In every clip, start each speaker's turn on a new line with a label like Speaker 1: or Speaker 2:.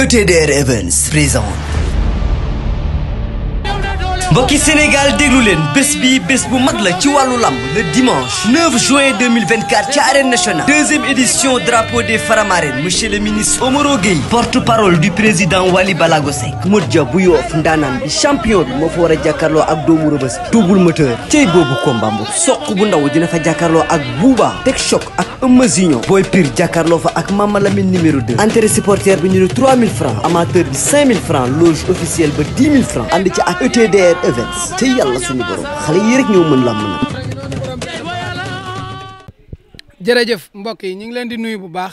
Speaker 1: ETDR Evans présente mbokki Sénégal déglu leen bés bi bés bu mag la ci wàllu lamb le dimanche 9 juin 2024 ci arène nationale deuxième édition drapeau des Faramarène monsieur le ministre Omaro Gueye porte-parole du président Wali Balago Seck bu Yoof ndaanaan bi champion bi moo fa war a jàkkaarloo ak doomu Rëbës double moteur cey boobu combat mbokk soq bu ndaw dina fa jàkkaarloo ak Bouba Teg Choc ak Eumeu Junior Boy Pire jàkkaarloo fa ak Mama Lamine numéro 2 entrée supporter bi ñu ne 3000 events te yàlla suñu borom xale yi rek ñoo mën làmb na
Speaker 2: jërëjëf mbokk yi ñu ngi leen di nuyu bu baax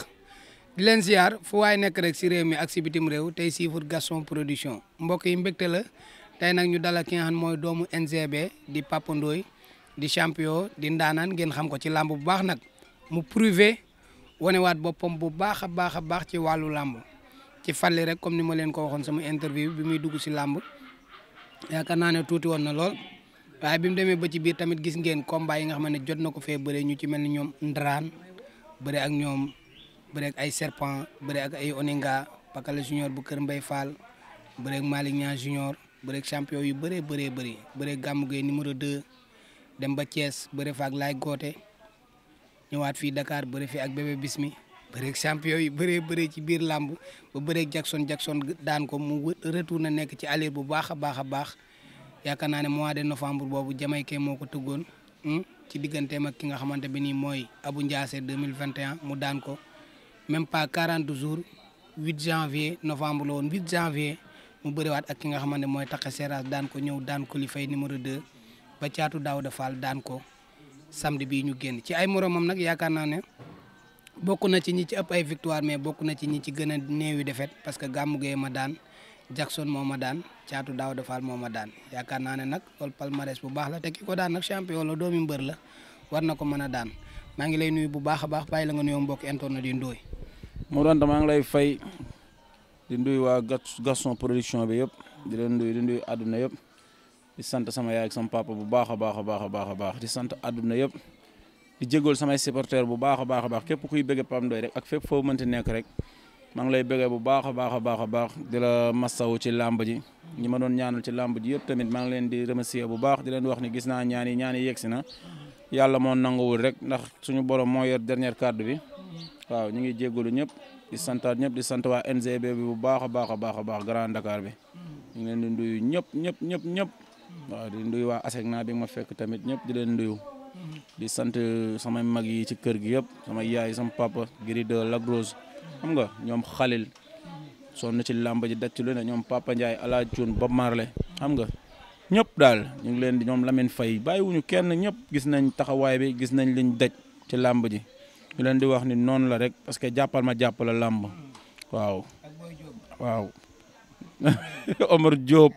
Speaker 2: di leen ziar fu waaye nekk rek si réew mi ak si bitim réew tey siifur Gaston Production mbokk yi mbégte la tey nag ñu dalal ki xam mooy doomu NGB di Papa di champion di ndaanaan ngeen xam ko ci làmb bu baax nag mu prouvé wanewaat boppam bu baax a baax a baax ci wàllu làmb ci fàlli rek comme ni ma leen ko waxoon sama interview bi muy dugg si làmb yaakaar naa ne tuuti woon na lool waaye bi mu demee ba ci biir tamit gis ngeen combat yi nga xam ne jot na ko fee bëre ñu ci mel ni ñoom Ndraan bëre ak ñoom bëre ak ay serpent bëre ak ay oninga Pakala junior bu Kër Mbay Fall bëre ak Malick Niang junior bëre ak champion yu bëree bëree bëri bëre ak Gamou Gueye numéro 2 dem ba Thiès bëre fa ak Laay Goote ñëwaat fii Dakar bëre fi ak bébé Bismi bëreeg champion yi bëree bëree ci biir làmb ba bëreeg Jackson Jackson daan ko mu retourné nekk ci allure bu baax a baax a baax yaakaar naa ne mois de novembre boobu Jamaïque moo ko tëggoon hmm, ci digganteem ak ki nga xamante bi nii mooy Abou Ndiassé 2021 mu daan ko même pas quarante jours huit janvier novembre la woon 8 janvier mu bëriwaat ak ki nga xamante mooy Taxe Seras daan ko ñëw daan ko li fay numéro 2 ba caatu Daouda Fall daan ko samedi bii ñu génn ci ay moromam nag yaakaar naa ne. bokk na ci ñi ci ëpp ay victoire mais bokk na ci ñi ci gën a néewi défaite parce que gàmmu Gueye ma daan Jackson moom a daan Thiatou Daouda Fall moom a daan yaakaar naa ne nag loolu palmarès bu baax la te ki ko daan nag champion la doomi mbër la war na ko mën a daan maa ngi lay nuyu bu baax a baax bàyyi la nga nuyoo mbokk internet yi ndooy.
Speaker 3: Modou Anta maa ngi lay fay di nuyu waa Gaston production bi yëpp di leen nuyu di nuyu àdduna yëpp di sant sama yaay ak sama papa bu baax a baax a baax a baax di sant àdduna yëpp. di jégalu samay supporteurs bu baax baax a baax képp kuy bëgg Pape Ndoye rek ak fépp foo mënti nekk rek maa ngi lay bëggee bu baax a baax a baax a baax di la masawu ci làmb ji ñi ma doon ñaanal ci làmb ji yëpp tamit maa ngi leen di remercier bu baax di leen wax ni gis naa ñaan ñaani ñaan yi yegsi na yàlla moo nanguwul rek ndax suñu borom mooy yor dernière bi ñu ngi jégalu ñëpp di santaat ñëpp di sant waa NGB bi bu baax a baax a baax a baax Grand Dakar bi ñu ngi di nuyu ñëpp ñëpp ñëpp ñëpp waaw di nuyu waa ASECNA bi ma fekk tamit ñëpp di leen nuyu di sant samay mag yi ci kër gi yëpp sama yaay sama papa giri de lagrose xam nga ñoom xalil sonn ci làmb ji daj ci lu ne ñoom papa Ndiaye ala cuun Bob Marley xam nga ñëpp daal ñu ngi leen di ñoom Lamine Faye bàyyiwuñu kenn ñëpp gis nañ taxawaay bi gis nañ liñ daj ci làmb ji ñu leen di wax ni noonu la rek parce que jàppal ma jàppal la làmb waaw waaw Omar Diop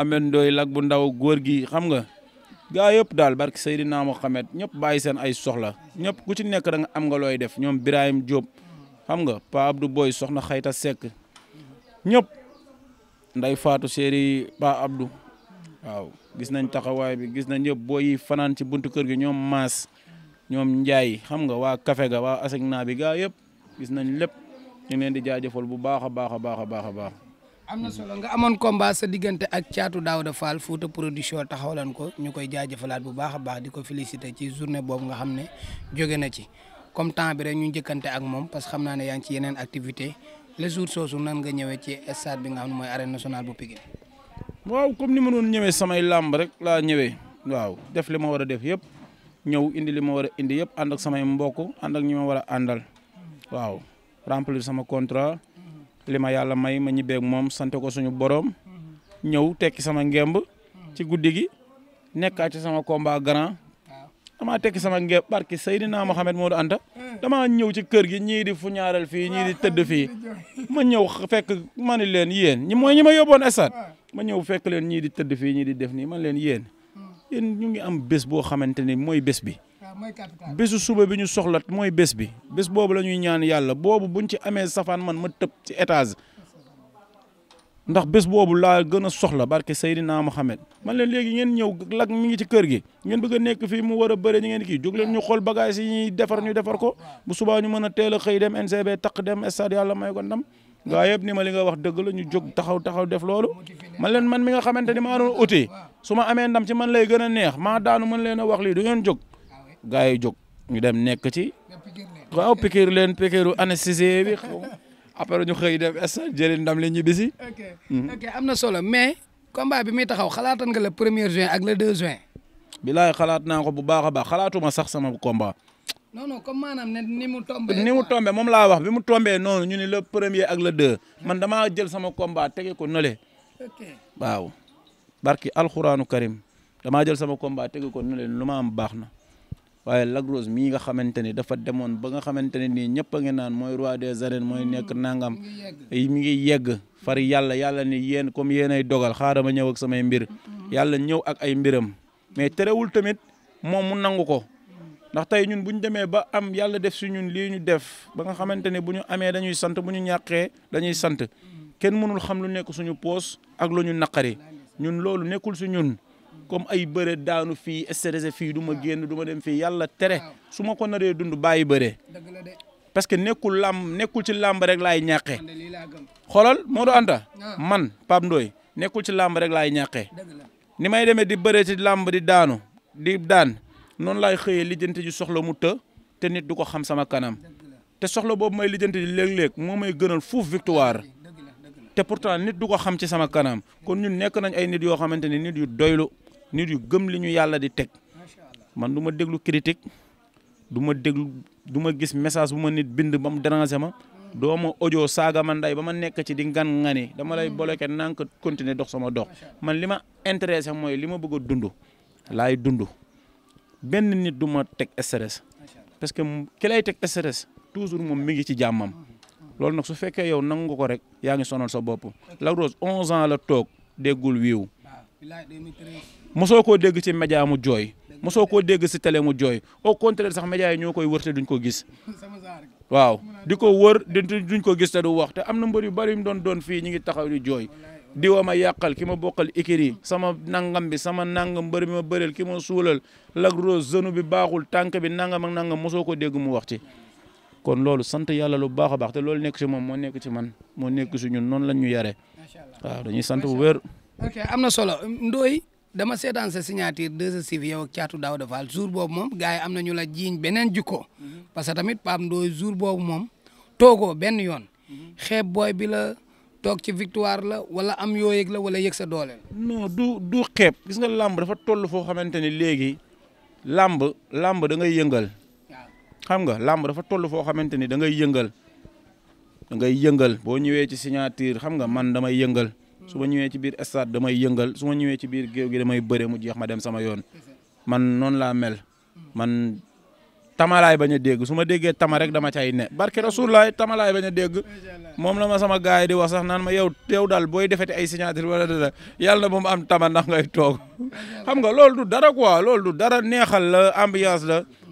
Speaker 3: Ameth Ndoye lag bu ndaw góor gi xam nga gaa yëpp daal barki Seydina Mohamed ñëpp bàyyi seen ay soxla ñëpp ku ci nekk da am nga looy def ñoom Birahim Diop xam nga Pa Abdou Boy soxna Xayta Seck ñëpp nday faatu séeri Pa abdu waaw gis nañ taxawaay bi gis nañ ñëpp booy fanaan ci buntu kër gi ñoom Maas ñoom Njaay xam nga waa Kafe ga waa Asegna bi gaa yëpp gis nañ lépp leen di jaajëfal bu baax a baax a baax a baax a baax.
Speaker 2: am na solo nga amoon combat sa diggante ak caatu Daouda Fall Fouta production taxawalan ko ñu koy jaajëfalaat bu baax a baax di ko féliciter ci journée boobu nga xam ne jóge na ci comme temps bi rek ñu njëkkante ak moom parce xam naa ne yaa ngi ci yeneen activité le jour soosu nan nga ñëwee ci stade bi nga xam ne mooy arène nationale bu Pikine.
Speaker 3: waaw comme ni ma doon ñëwee samay làmb rek laa ñëwee waaw def li ma war a def yëpp ñëw indi li ma war a indi yëpp ànd ak samay mbokk ànd ak ñi war a àndal waaw remplir li yàlla may ma ñibbeeg moom sant ko suñu boroom ñëw tekki sama ngemb ci guddi gi nekkaat ci sama combat grand damaa tekki sama ngemb barki Seydina Mohamed Modou Anta damaa ñëw ci kër gi ñii di fu ñaaral fii ñii di tëdd fii ma ñëw fekk ma ne leen yéen ñi mooy ñi ma yóbboon esat ma ñëw fekk leen ñii di tëdd fii ñii di def nii man leen yéen yéen ñu ngi am bés boo xamante ni mooy bés bi bésu suba bi ñu soxla mooy bés bi bés boobu la ñuy ñaan yàlla boobu buñ ci amee safaan man ma tëb ci étage ndax bés boobu laa gën a soxla barke Seydina Mohamed man leen léegi ngeen ñëw lak mi ngi ci kër gi ngeen bëgg a nekk fii mu war a bëre ñu ngeen kii jóg leen ñu xool bagage yi ñu defar ñu defar ko bu subaa ñu mën a teel a xëy dem NCB taq dem stade yàlla may ko ndam gaa yëpp ni ma li nga wax dëgg la ñu jóg taxaw taxaw def loolu man leen man mi nga xamante ni maa su ma amee ndam man lay gën a neex maa daanu mën leen a wax lii du ngeen gaa yi jóg ñu dem nekk ci waaw pikiir leen pikiiru anesthésie bi après ñu xëy dem stade jëli ndam
Speaker 2: li ñu bisi hmm. ok am na solo mais combat bi muy taxaw xalaatan nga le premier juin ak le
Speaker 3: deux juin. bilaay xalaat naa ko bu baax a baax ma sax sama komba
Speaker 2: non non comme maanaam mu tombé. mu
Speaker 3: tombé moom laa wax bi mu tombé noonu ñu ni la premier ak le deux man damaa jël sama combat tege ko nële. ok waaw. barki alxuraanu karim damaa jël sama combat tege ko nële lu ma am baax na. waaye Lac Rose mii nga xamante ni dafa demoon ba nga xamante ne nii ñëpp a naan mooy roi des arènes mooy nekk nangam mi ngi yegg far yàlla yàlla ni yéen comme yéen ay dogal xaaral ma ñëw ak samay mbir yàlla ñëw ak ay mbiram mais terewul tamit moom mu nangu ko ndax tey ñun bu ñu demee ba am yàlla def si ñun lii ñu def ba nga xamante ne bu ñu amee dañuy sant bu ñu ñàqee dañuy sant kenn mënul xam lu nekk suñu poos ak lu ñu naqari ñun loolu nekkul si ñun comme ay bëre daanu fii stressé fii du ma génn du ma dem fii yàlla tere su ma ko naree dund bàyyi bëre parce que nekkul làmb nekkul ci làmb rek laay ñàqee xoolal Modou Anta ah. man pam Ndoye nekkul ci làmb rek laay ñàqee ni may demee di bëre ci làmb di daanu di daan noonu laay xëyee lijjanti ji soxla mu të te nit du ko xam sama kanam te soxla boobu may lijjanti ji léeg moo may gënal fuuf victoire te pourtant nit du ko xam ci sama kanam kon ñun nekk nañ ay nit yoo xamante ni nit yu doylu nit yu gëm li ñu yàlla di teg man du ma déglu critique du ma déglu du ma gis message bu ma nit bind ba mu déranger ma doo ma audio saaga ma nday ba ma nekk ci di ngan ngani dama lay bloqué nank continuer dox sama dox man li ma intéressé mooy li ma bëgg a dund laay dund benn nit duma ma teg stress parce que ki lay teg stress toujours moom mi ngi ci jàmmam loolu nag su fekkee yow nangu ko rek yaa ngi sonal sa bopp Lac Rose 11 ans la toog déggul wiiw mosoo koo dégg ci média mu jooy mosoo koo dégg si tele mu jooy au contraire sax média yi ñoo koy wër te duñ ko gis waaw di ko wër duñ ko gis te du wax te am na mbër yu bari yu mu doon doon fii ñu ngi taxaw di jooy di wa ma yàqal ki ma bokkal ikiri sama nangam bi sama nangam mbër bi ma bëreel ki ma suulal Lac Rose genou bi baaxul tànk bi nangam ak mosoo ko dégg mu wax ci kon loolu sant yàlla lu baax a baax loolu nekk ci moom moo nekk ci man moo nekk ci ñun noonu lañ ñu yare waaw dañuy sant bu wér. ok
Speaker 2: am na solo ndooy dama seetaan sa signature 2STV yow ak Thiatou Daouda jour boobu moom gars yi am na ñu la jiiñ beneen jikko mhm. parce que tamit Pape Ndoye jour boobu moom toogoo benn yoon mhm. xeeb booy bi la toog ci victoire la wala am yoo yëg la wala yëg sa doole
Speaker 3: la. du du xeeb gis nga làmb dafa toll foo xamante ni léegi làmb làmb da ngay yëngal. xam nga làmb dafa toll foo xamante ni da ngay yëngal ngay yëngal boo ñëwee ci signature xam nga man damay yëngal su ma ñëwee ci biir stade damay yëngal su ma ñëwee ci biir géew gi damay bëre mu jeex ma dem sama yoon man noonu laa mel man tamalaay bañ a dégg su ma déggee tama rek dama cay ne barke laa tama bañ a dégg moom la ma sama gaay di wax sax naan ma yow teew dal booy defete ay signature wala dara yàlla na ba am tama ndax ngay toog xam nga loolu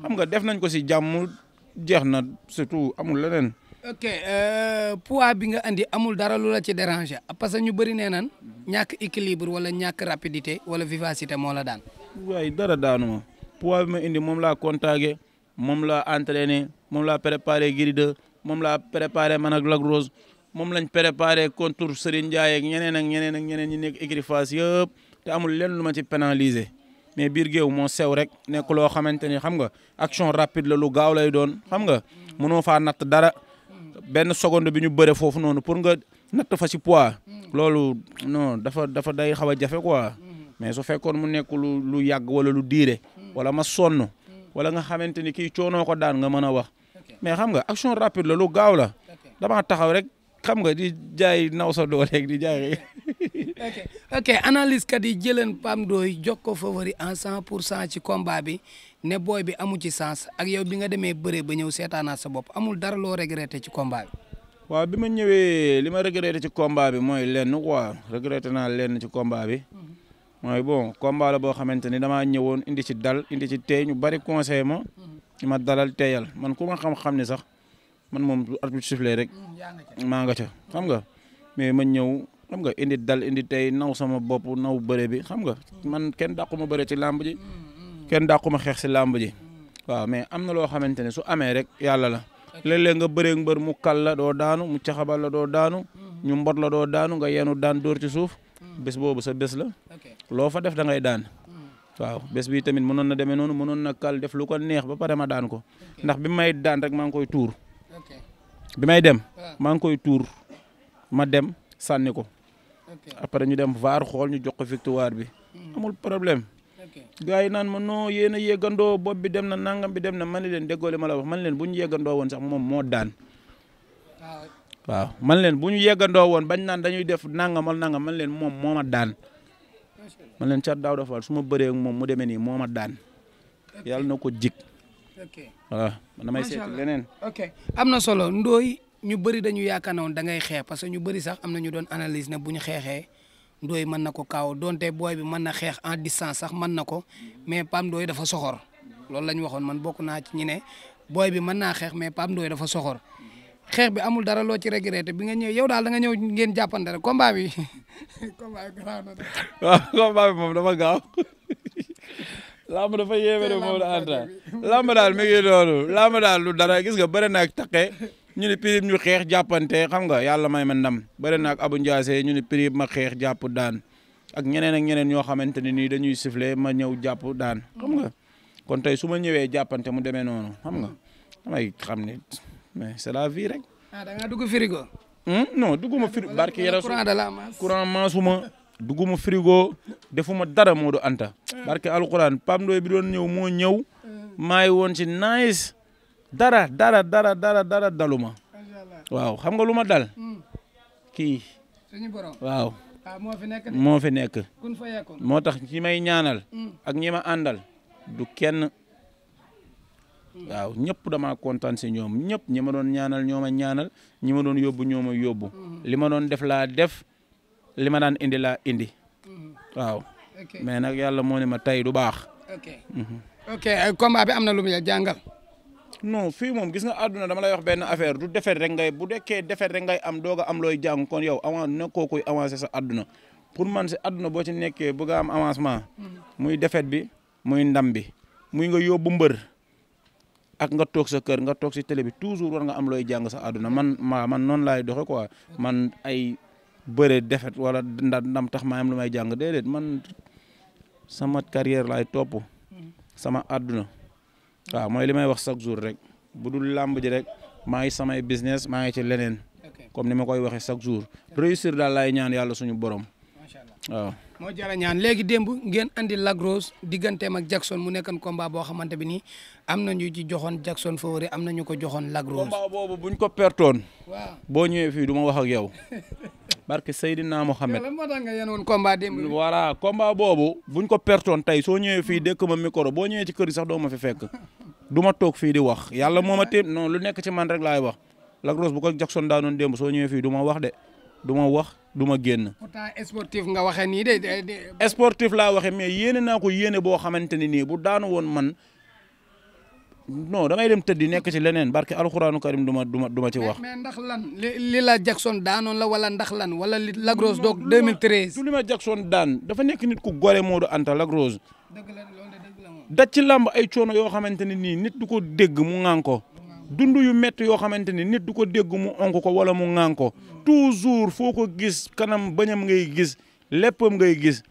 Speaker 3: xam nga def nañ ko si jàmm jeex na surtout amul leneen.
Speaker 2: ok euh, poids bi nga andi amul dara lu la ci déranger parce que ñu bëri nee nan ñàkk équilibre wala ñàkk rapidité wala vivacité moo la daan.
Speaker 3: waaye dara daanuma poids bi ma indi moom laa contagé moom laa entraîné moom laa préparé Gris 2 moom laa préparé man ak Lac Rose moom lañ préparé contre Serigne Ndiaye ak ñeneen ak ñeneen ak ñeneen ñi nekk écurie Fass yëpp te amul lenn lu ma ci pénaliser. mais biir géew moo sew rek nekk loo xamante ni xam nga action rapide la lu gaaw lay doon xam nga mënoo faa natt dara benn seconde bi ñu bëre foofu noonu pour nga natt fa si poids loolu non dafa dafa day xaw a jafe quoi mais su fekkoon mu nekk lu lu yàgg wala lu diire wala ma sonn wala nga xamante ni kii coonoo ko daan nga mën a wax mais xam nga action rapide la lu gaaw la damaa taxaw rek xam nga di jaay naw sa dooleeg di jaay
Speaker 2: ok ok analyse kat yi jëleen Pam Ndoye jox ko favori en cent pour cent ci combat bi ne booy bi amu ci sens ak yow bi nga demee bëree ba ñëw seetaanaat sa bopp amul dara loo regretté ci combat bi.
Speaker 3: waaw bi ma ñëwee li ma regretté ci combat bi mooy lenn quoi regretté naa lenn ci combat bi mooy bon combat boo xamante ni damaa ñëwoon indi ci dal indi ci tey ñu bari conseil ma ma dalal teeyal man ku ma xam-xam ni sax man moom bu arbitre rek mm, maa nga ca xam nga mais ma ñëw. xam nga indi dal indi tey naw sama bopp naw bëre bi xam nga man kenn dàquma bëre ci làmb ji kenn dàquma xeex si làmb ji waaw mais am na loo xamante ne su amee rek yàlla la léeg nga bëree mbër mu kal la doo daanu mu caxabal la doo daanu ñu mbot la doo daanu nga yenu daan dóor ci suuf bés boobu sa bés la loo fa def da ngay daan waaw bés bi tamit mënoon na demee noonu mënoon na kal def lu ko neex ba pare ma daan ko ndax bi may daan rek maa ngi koy tuur bi may dem ah. maa ngi koy tuur ma dem sànni ko après ñu dem vaar xool ñu jox ko victoire bi. Hmm. amul problème. gars yi naan ma noo yéen a yeggandoo bopp bi dem na nangam bi dem na man leen déggoo li ma la wax man leen bu ñu yeggandoo woon sax moom moo daan. Ah, waaw man leen bu ñu yeggandoo woon bañ naan dañuy def nangamal nangam man leen moom moom a daan. man leen Thiat Daouda Fall su ma bëree moom mu demee nii moom a daan. yàlla na ko jik ok waaw man damay seeti leneen.
Speaker 2: ñu bëri dañu yaakaar ne da ngay xeex parce que ñu bëri sax am na ñu doon analyse na bu ñu xeexee Ndoye mën na ko kaaw donte booy bi mën na xeex en distance sax man na ko mais Pape Ndoye dafa soxor loolu la ñu man bokk naa ci ñi ne booy bi mën naa xeex mais Pape dafa soxor xeex bi amul dara loo ci regretté bi nga ñëw yow daal da nga ñëw ngeen jàppante rek combat bi. combat bi garaaw
Speaker 3: na moom dafa gaaw. lamb dafa yéeme de moom daal mi ngi daal lu dara gis nga bëri na ñu ne prix ñu xeex jàppante xam nga yàlla may ma ndam bëri na ak Abou ñu ne prix ma xeex jàpp daan ak ñeneen ak ñeneen ñoo xamante ne nii dañuy siffler ma ñëw jàpp daan xam nga kon tey su ma ñëwee jàppante mu demee noonu xam nga damay xam ne mais c'est la vie rek.
Speaker 2: ah da ngaa dugg frigo.
Speaker 3: Hmm? non dugguma frigo barki yara courant de la masse courant maasuma dugguma frigo defuma dara Modou Anta. Ah. barki alquran pam Ndoye bi doon ñëw moo ñëw. Ah. maay woon ci nice dara dara dara dara dara daluma waaw xam nga lu ma dal hmm. kii
Speaker 2: suñu borom waaw ah, moo fi nekk moo fi
Speaker 3: moo tax ñi may ñaanal hmm. ak ñi ma àndal du kenn hmm. waaw ñëpp dama kontaan si ñoom ñëpp ñi ma doon ñaanal ñoo ma ñaanal ñi ma doon yóbbu ñoo ma yóbbu li ma doon def laa def li ma daan indi laa indi waaw mais nag yàlla moo ne ma tey du baax ok non fii moom gis nga àdduna dama lay wax benn affaire du defet rek ngay bu dekkee defet rek ngay am doog am looy jàng kon yow avant nekkoo koy avancé sa àdduna pour man si àdduna boo ci nekkee bëgg am avancement. Hmm. muy defet bi muy ndam bi muy nga yóbbu mbër. ak nga toog sa kër nga toog si télé bi toujours war nga am looy jàng sa àdduna man maa man noonu laay doxe quoi man ay bëre defet wala ndam tax maa am lu may jàng déedéet man sama carrière lay topp hmm. sama àdduna. waaw mooy li may wax chaque jour rek bu dul làmb ji rek maa ngi samay business maa ngi ci leneen comme ni ma koy waxee chaque jour réussir daal laay ñaan yàlla suñu borom. macha allah waaw.
Speaker 2: moo jara ñaan léegi démb ngeen andi Lagros digganteem ak Jackson mu nekkoon combat boo xamante bi nii am na ñu ci joxoon Jackson favori am na ñu ko joxoon Lagros. combat
Speaker 3: boobu buñ ko pertoon. boo ñëwee fii du ma wax ak yow. barke Seydina Mohamed.
Speaker 2: lan moo tax nga yéen woon
Speaker 3: combat démb. voilà boobu buñ ko pertoon tey soo ñëwee fii dëkk ma micro boo ñëwee ci kër yi sax doo ma fi fekk du toog fii di wax yàlla moo ma téem non lu nekk ci man rek laay wax Lac Rose bu ko Jackson daanoon démb soo ñëwee fii du ma wax de du ma wax du ma génn.
Speaker 2: sportif nga waxee nii de.
Speaker 3: sportif laa waxee mais yéene naa ko yéene boo xamante ne nii bu daan woon man. non damay dem tëddi nekk ci leneen barke alxuraanu karim du ma du ma du ma ci wax.
Speaker 2: mais ndax lan li la Jackson daanoon la wala ndax lan wala li
Speaker 3: Lagrosse doog 2013. du li ma Jackson daan dafa nekk nit ku gore Modou Anta Lagrosse. dëgg la ci làmb ay coono yoo xamante ne nii nit du ko dégg mu ŋaan ko. dund yu métti yoo xamante ni nit du ko dégg mu onk ko wala mu ŋaan ko toujours foo ko gis kanam bañam ngay gis léppam ngay gis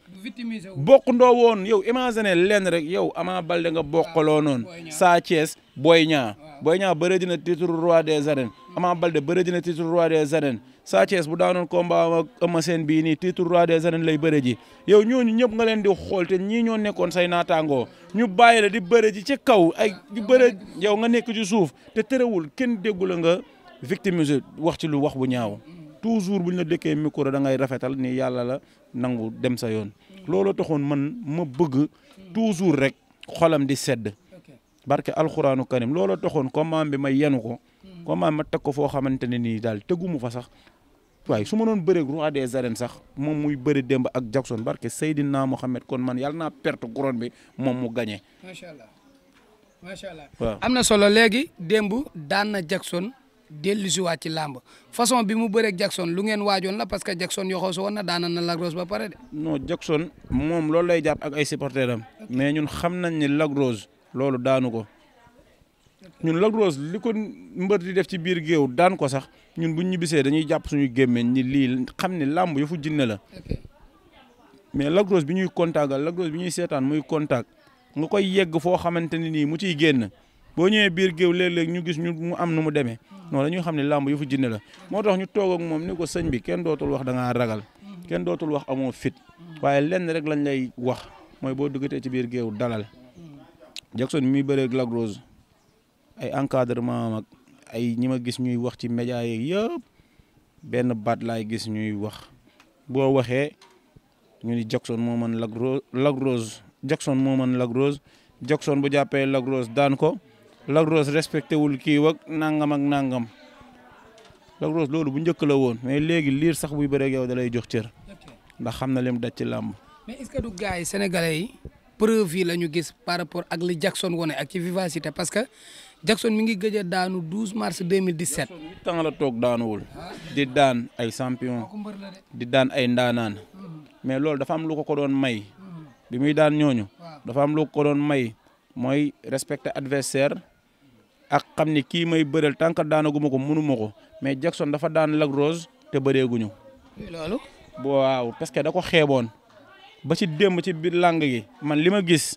Speaker 3: bokk ndoo woon yow imaginer lenn rek yow Ama Baldé nga bokkaloo noonu Sa Thiès Boy Niang Boy Niang bëre dina titre roi des arènes Ama Baldé bëre dina titre roi des arènes Sa Thiès bu daanoon combat ak Eumeu Sène bii nii titre roi des arènes lay bëre ji yow ñooñu ñëpp nga leen di xool te ñii ñoo nekkoon say naataangoo ñu bàyyi la di bëre ji ci kaw ay di bëre yow nga nekk ci suuf te tërëwul kenn déggu la nga victimiser wax ci lu wax bu ñaaw mm. toujours buñ la dëkkee micro da ngay rafetal ni yàlla la nangu dem sa yoon looloo toxoon man ma bëgg toujours rek xolam di sedd barke alxuraanu karim looloo taxoon combat bi ma yenu ko hmm. combat ma teg ko foo xamante ne nii daal tegumu fa sax waaye su ma doon bëree roi des arènes sax moom muy bëri démb ak Jackson barke Seydina Mohamed kon man yàlla naa perte couronne bi moom mu gagné. macha am na solo léegi démb daan
Speaker 2: na Jackson. dellusiwaat ci làmb façon bi mu bëreeg Jackson lu ngeen waajoon la parce que Jackson yoxoo si woon na daanan na Lac ba pare de.
Speaker 3: non Jackson moom loolu lay jàpp ak ay supporters am mais ñun xam nañ ni Lac loolu daanu ko ñun Lac li ko mbër di def ci biir géew daan ko sax ñun buñ ñibbisee dañuy jàpp suñu gémmeñ ñi lii xam ni làmb yëfu jinne la mais Lac bi ñuy contact Lac bi ñuy seetaan muy contact nga koy yegg foo xamante ne nii mu ciy génn. boo ñëwee biir géew léeg ñu gis ñu mu am nu mu demee noonu ñuy xam ne làmb yu fu jinne la moo tax ñu toog ak moom ni ko sëñ bi kenn dootul wax da ragal kenn dootul wax amoo fit waaye lenn rek lañ lay wax mooy boo duggatee ci biir géew dalal Jackson mii bëreeg lagrose ay encadrement ak ay ñi ma gis ñuy wax ci média yeeg yëpp benn baat laay gis ñuy wax boo waxee ñu ni Jackson moo mën Lac Rose Lac Rose Jackson moo mën Lac Rose Jackson bu jàppee Lac daan ko Lac Rose respecté wul kii wak nangam ak nangam Lac loolu bu njëkk la woon mais léegi liir sax buy bëreeg yow da lay jox cër ndax xam na lim daj ci làmb.
Speaker 2: mais du gars yi sénégalais yi preuve la ñu gis par rapport ak li Jackson wone ak ci parce que Jackson mi ngi gëj a daanu 12
Speaker 3: mars 2017. Jackson huit ans la toog daanuwul. di daan ay champion. di daan ay ndaanaan. mais loolu dafa am lu ko doon may. bi muy daan ñooñu. dafa am lu ko doon may mooy respecte adversaire. ak xam ni kii may bëreel tànk daanaguma ko mënuma ko mais Jackson dafa daan Lac Rose te bëreeguñu. loolu. waaw parce que da ko xeeboon ba ci démb ci biir làng gi man li ma gis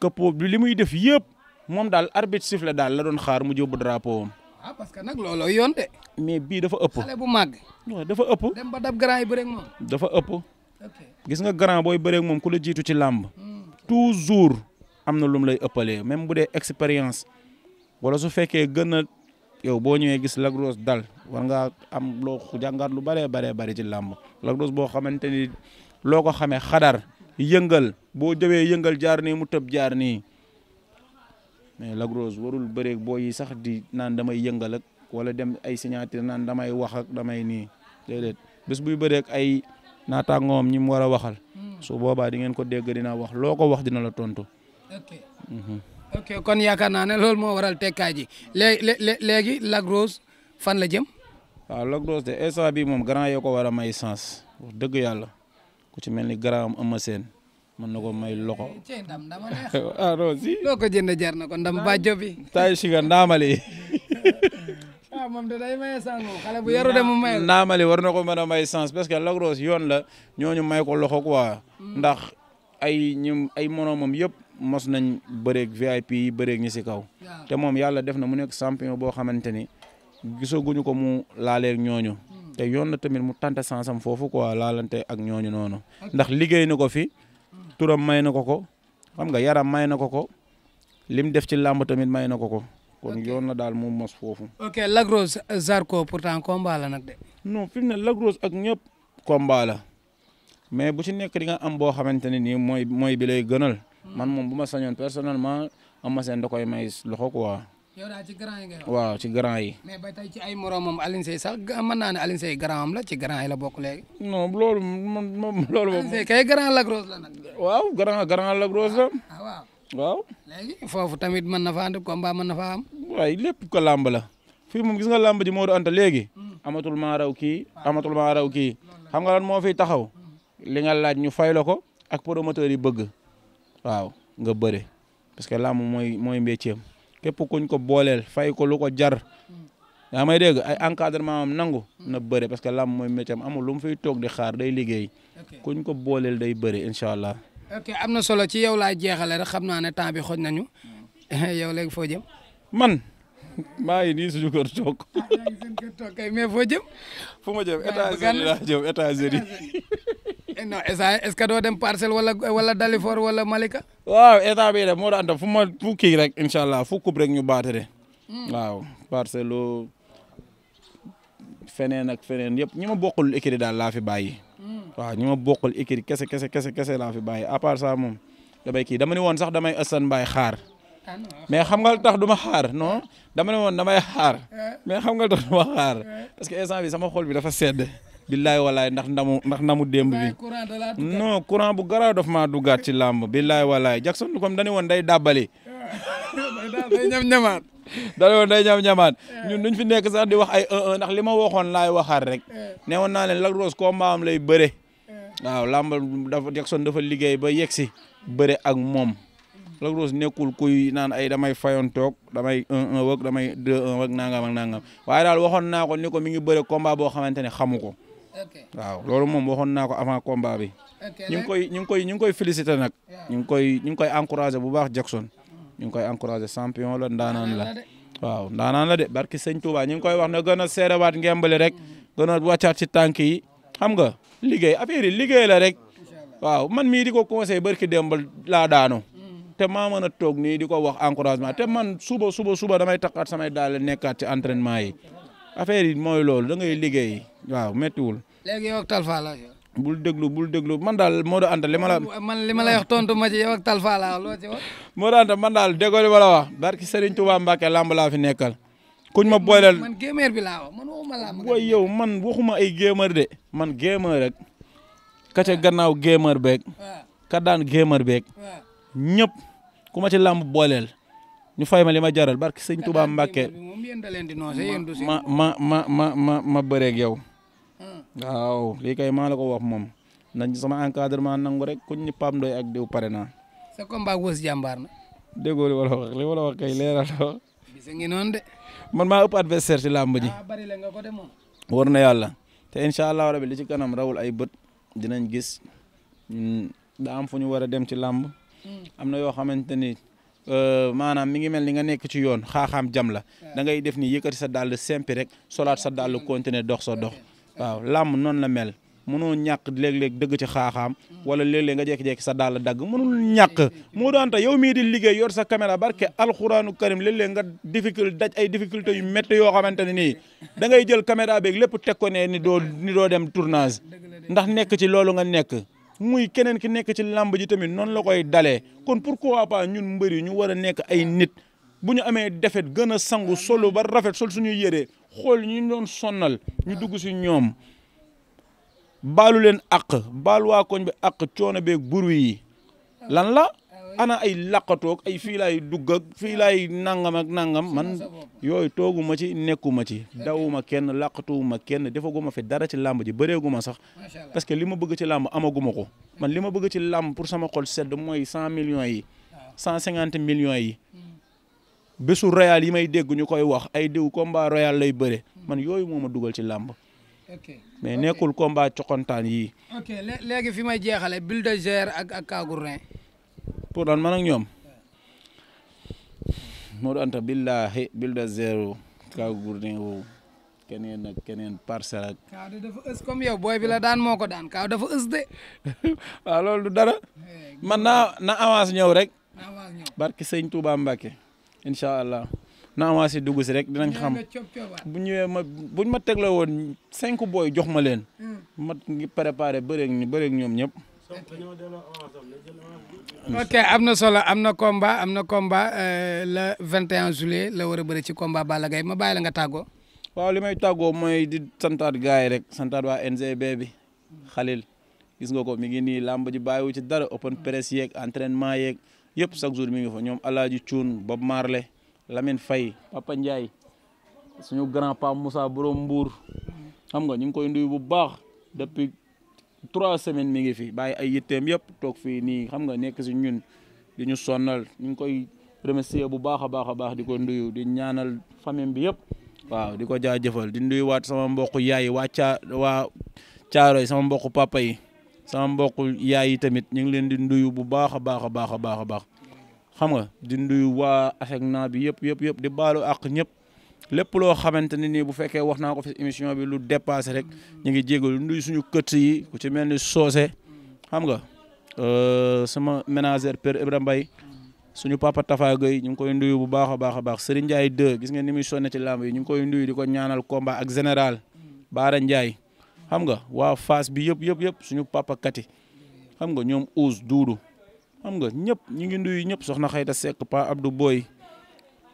Speaker 3: këppoo li muy def yëpp moom daal arbitre siffle daal la doon xaar mu jóbbu drapeau am.
Speaker 2: Ah, parce que nag looloo yoon
Speaker 3: mais bii dafa ëpp. bu màgg. dafa ëpp. dem
Speaker 2: ba yi bëreeg moom.
Speaker 3: dafa ëpp. gis nga grand booy bëreeg moom ku la jiitu ci làmb. Hmm. jours am na lu lay ëppalee même bu dee expérience. wala su fekkee gën a yow boo ñëwee gis Lac dal war ngaa am loo jàngat lu bëree bëree bëri ci làmb Lac Rose boo xamante ni loo ko xamee xadar yëngal boo jëwee yëngal jaar ni mu tëb jaar nii mais Lac warul bëreeg boo yi sax di naan damay yëngal wala dem ay signature naan damay wax ak damay nii déedéet bés buy bëreeg ay naataangoom ñi mu war a waxal hmm. su boobaa di ngeen ko dégg dina wax loo ko wax dina la tontu. ok. Mhm. ok kon yaakaar naa ne loolu moo waral tekkaay ji
Speaker 2: léegi léegi Lac Rose fan la jem
Speaker 3: waaw Lac Rose de instant bi moom grand yoo ko war a may sens wax dëgg yàlla ku ci mel ni grand am ama seen mën na ko may loko eh, ah non si. loo ko jar na ko ndam ba jobi. taay si nga ndaamali.
Speaker 2: ah moom de day bu yaru de mu may.
Speaker 3: war na ko mën may sens parce que Lac Rose yoon la ñooñu may ko loxo quoi. Mm. ndax. ay ñum ay moroomam yëpp mos nañ bëreeg VIP yi bëreeg ñi si kaw te moom yàlla def na mu nekk sampion boo xamante ni gisaguñu ko mu laaleeg ñooñu hmm. te yoon na tamit mu tante sansam foofu quoi laalante ak ñooñu noonu ndax liggéey na ko fi hmm. turam may na ko ko xam nga yaram may na ko ko lim def ci làmb tamit may na ko ko kon yoon na daal mu mos foofu.
Speaker 2: ok Lac Rose Zarko pourtant combat la nag de.
Speaker 3: non fi mu ne Lac Rose ak ñëpp combat mais bu ci nekk di nga am boo xamante ne nii mooy mooy bi lay gënal. Hmm. man moom bu ma sañoon personnellement Eumeu Sène da koy may loxo quoi. yow daal ci waaw ci grand yi. mais ba
Speaker 2: tey ci ay moromam sax mën
Speaker 3: naa ne Alioune Seye grand
Speaker 2: la ci grand yi la bokk léegi. non loolu moom moom loolu. Alioune Seye kay grand Lac Rose la waaw grand grand Lac la. ah, ah waaw foofu tamit mën na faa andi combat mën na faa am.
Speaker 3: waaye lépp ko làmb la fii mu gis nga làmb ji moo du anta léegi. Hmm. amatul maa raw kii amatul maa raw ki xam nga lan moo fi taxaw. li laaj ñu fay la ko ak promoteur yi bëgg waaw nga bëre parce que làmb mooy mooy métier am képp kuñ ko booleel fay ko lu ko jar yaa may dégg ay encadrement am nangu na bëre parce que làmb mooy métier am amul lu mu fiy toog di xaar day liggéey kuñ ko booleel day bëre incha allah.
Speaker 2: am na solo ci yow laay jeexale rek xam naa ne temps bi xoj nañu yow léegi foo jëm.
Speaker 3: man maa ngi suñu kër toog.
Speaker 2: kay mais foo fu ma jëm
Speaker 3: états-unis laa jëm états
Speaker 2: Eh, non instant est ce que doo dem parcelle wala wala Dalifor wala Malika.
Speaker 3: waaw état bi de moo daan fu ma fu kii rek incha allah fu kub rek ñu baatere. Hmm. waaw parcelle feneen ak feneen yëpp ñi bokkul écurie daal laa fi bàyyi. Hmm. waaw ñi ma bokkul écurie kese kese kese kese laa fi bàyyi à moom damay kii dama ne woon sax damay Assane Mbaye xaar. Ah, mais xam nga tax du ma xaar dama ne woon damay xaar. Eh. mais xam nga tax du ma eh. parce que instant bi sama xol bi dafa sedd. billaay walaay ndax ndamu ndax ndamu démb bi non courant bu garaaw daf ma duggaat ci làmb billaay walaay Jackson du comme dañu woon day dàbbali day ñam ñamaat dañu woon day ñam ñamaat eh. ñun duñ fi nekk sax di wax ay 1-1 ndax li ma waxoon laay waxaat rek eh. ne woon naa leen Lac Rose ko maam lay bëre eh. waaw làmb dafa Jackson dafa liggéey ba yegsi bëre ak moom Lac Rose nekkul kuy naan ay damay fayoon toog damay 1-1 wëkk damay 2-1 wëkk nangam ak nangam waaye daal waxoon naa ko ni ko mi ngi bëre combat boo xamante ne xamu ko. waaw loolu moom waxoon naa ko avant combat bi. ñu koy ñu ngi koy ñu ngi koy féliciter nag. ñu ngi koy ñu ngi koy encourager bu baax Jackson. ñu ngi koy encourager champion la ndaanaan la. waaw ndaanaan la de barki sëñ Touba ñu ngi koy wax na gën a seedewaat ngembali rek gën a wàccaat ci tànk yi xam nga liggéey affaire yi liggéey la rek waaw man mii di ko conseil barki démbal laa daanu te maa mën a toog nii di ko wax encouragement te man suba suba suba damay takkaat samay daal nekkaat ci entraînement yi affaire yi mooy loolu da ngay liggéey waaw méttiwul.
Speaker 2: léegi yow ak Talfa la.
Speaker 3: bul déglu bul déglu man daal Modou Anta li ma la.
Speaker 2: man li ma lay wax tontu ma ci yow ak Talfa la loo ci wax.
Speaker 3: Modou Anta man daal déggoo li ma la barki Serigne Touba Mbacke lamb laa fi nekkal. kuñ ma booleel man
Speaker 2: géemeer bi laa wax man waxuma lamb.
Speaker 3: waaye yow man waxuma ay géemeer de man géemeer rek ka ca gannaaw géemeer beeg. ka daan géemeer beeg. ñëpp. ku ma ci làmb booleel ñu fay ma li ma jaral bar sëñ Touba Mbacke ma ma ma ma ma ma bëreeg yow ah. waaw lii kay maa ko wax moom nañ sama ma nangu rek kuñ ñu pam doy ak diw pare naa.
Speaker 2: sa combat wës jàmbaar na.
Speaker 3: déggoo li wala wax li wala wax man maa ëpp adversaire ci làmb ji. Ah,
Speaker 2: bari la nga
Speaker 3: na yàlla te incha allah rabi li ci kanam rawul ay bët dinañ gis hmm, daa am fu ñu war a dem ci làmb. Mm. am na yoo xamante ni euh, maanaam mi ngi mel ni nga nekk ci yoon xaaxaam jam la da ngay def ni yëkkati sa dàll simpi rek solaat sa dàll mm. continuer dox sa dox waaw làmb noonu la mel mënoo ñàkk léeg-léeg dëgg ci xaaxaam mm. wala léeg-léeg nga jékki-jékki sa dàll dagg mënul ñàkk moo daan ta yow mii di liggéey yor sa caméra barke alxuraanu karim léeg-léeg nga difficulté daj ay difficulté yu métti yoo xamante ne nii da ngay jël caméra beeg lépp teg ko ne ni doo ni doo dem tournage ndax nekk ci loolu nga nekk muy keneen ki nekk ci làmb ji tamit noonu la koy dale kon pourquoi paa ñun mbër yi ñu war a nekk ay nit bu ñu amee defet gën a sangu solo ba rafet sol suñuy yëree xool ñu doon sonnal ñu dugg si ñoom baalu leen àq baal waa koñ bi àq coono beeg buru yi lan la ana ay laqatoog ay fiilay laay dugg ak fii laay nangam ak nangam man yooyu tooguma ci nekkuma ci dawuma kenn ma kenn defaguma fi dara ci làmb ji bëreeguma sax parce que li ma bëgg ci làmb amaguma ko man li ma bëgg ci làmb pour sama xol sedd mooy cent million yi cent cinquante millions yi hmm. bésu royal yi may dégg koy wax ay diw combat royal lay bëre man hmm. yooyu moo ma dugal ci làmb mais nekkul combat coxontaan yii.
Speaker 2: ok léegi fi may jeexale bulldozer ak ak Kaagourne
Speaker 3: pour lan man ñoom Modou Anta billahi bulldozer kaw gourdin wo keneen ak keneen parcelle ak.
Speaker 2: kaw de dafa ës comme yow booy bi la daan moo ko daan kaw dafa ës de.
Speaker 3: waaw loolu du dara man na avance ñëw rek. na avance ñëw barki sëñ allah. na avancé dugg si rek dinañ xam ma buñ ma tegloo woon cinq booy jox ma leen. Hmm. ma ngi préparé ñoom ñëpp.
Speaker 2: ok am na solo am na combat am na combat euh, le 21 juillet la war a bëri ci combat Balla Gaye ma bàyyi la nga tàggoo.
Speaker 3: waaw li may tàggoo mooy di santaat gars yi rek santaat waa NGB bi Khalil gis nga ko mi ngi nii làmb ji bàyyiwu ci dara open press yeeg entrainement yeeg yëpp chaque jour mi ngi fa ñoom Alaaji Cuun Bob Marley Lamine Faye Papa Ndiaye suñu grand pa Moussa borom Mbour xam nga ñu koy nuyu bu baax trois semaines mi ngi fi bàyyi ay yitteem yëpp toog fii nii xam nga nekk si ñun di ñu sonnal ñu ngi koy remercier bu baax a baax a baax di ko nuyu di ñaanal famille bi yëpp waaw di ko jaajëfal di nuyuwaat sama mbokk yaay waa caa waa caaro yi sama mbokk papa yi sama mbokk yaay tamit ñu ngi leen di nuyu bu baax a baax a baax a baax a baax xam nga di nuyu waa ASECNA bi yëpp yëpp yëpp di baalu àq ñëpp. lépp loo xamante ne nii bu fekkee wax naa ko fi émission bi lu dépassé rek ñu ngi jégalu nuyu suñu kët yi ku ci mel ni soose xam nga euh, sama ménagère per Ibrahima Mbaye suñu papa Tafa Gueye ñu ngi koy nuyu bu baax a baax a baax Serigne Ndiaye gis ngeen nimission ne sonné ci làmb yi ñu ngi koy nuyu di ko ñaanal komba ak général Baara Ndiaye xam nga waa Fass bi yëpp yëpp yëpp suñu papa Kati xam nga ñoom Ousse Doudou xam nga ñëpp ñu ngi nuyu ñëpp soxna Xayta Seck Pa Abdou Boy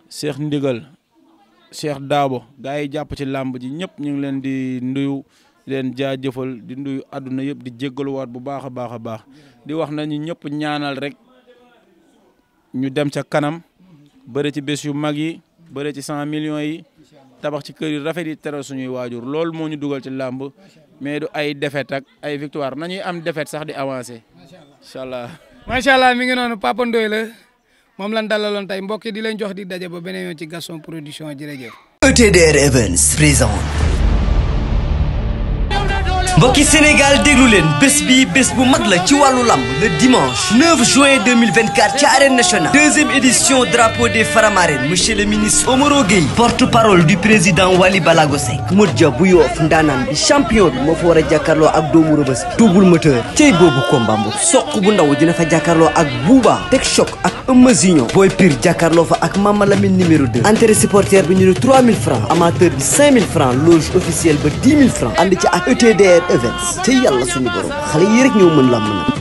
Speaker 3: Cheikh Ndigal Cheikh Daabo gars yi jàpp ci làmb ji ñëpp ñu ngi leen di nduyu di leen jaajëfal di nuyu àdduna yëpp di jéggaluwaat bu baax a baax a baax di wax na ñu ñëpp ñaanal rek ñu dem ca kanam bëri ci bés yu mag yi bëri ci cent millions yi tabax ci kër yi rafet yi teral suñuy waajur lool moo ñu dugal ci làmb mais du ay défaite ak ay victoire nañuy am défaite sax di avancer incha allah. macha noonu Papa
Speaker 2: Ndoye la. moom lan dalaloon tey mbokk yi di leen jox di daje ba beneen yoon ci Gaston Production jërëjëf.
Speaker 1: ETDR Events présente. mbokki Sénégal déglu leen bés bi bés bu mag la ci wàllu lamb le dimanche 9 juin 2024 ci arène nationale deuxième édition drapeau des Faramaren monsieur le ministre Omaro Gueye porte-parole du président Wali Balago Seck Modou Dia bu Yoof ndaanaan bi champion bi moo fa war a jàkkaarloo ak doomu rëbës bi double moteur cey boobu combat soq bu ndaw dina fa jàkkaarloo ak Bouba Tek Choc ak Eumeu Junior Boy Pire jàkkaarloo fa ak Mama Lamine numéro 2 entrée supporter bi ñu ne Events te yàlla suñu borom xale yi rek ñoo mën làmb nag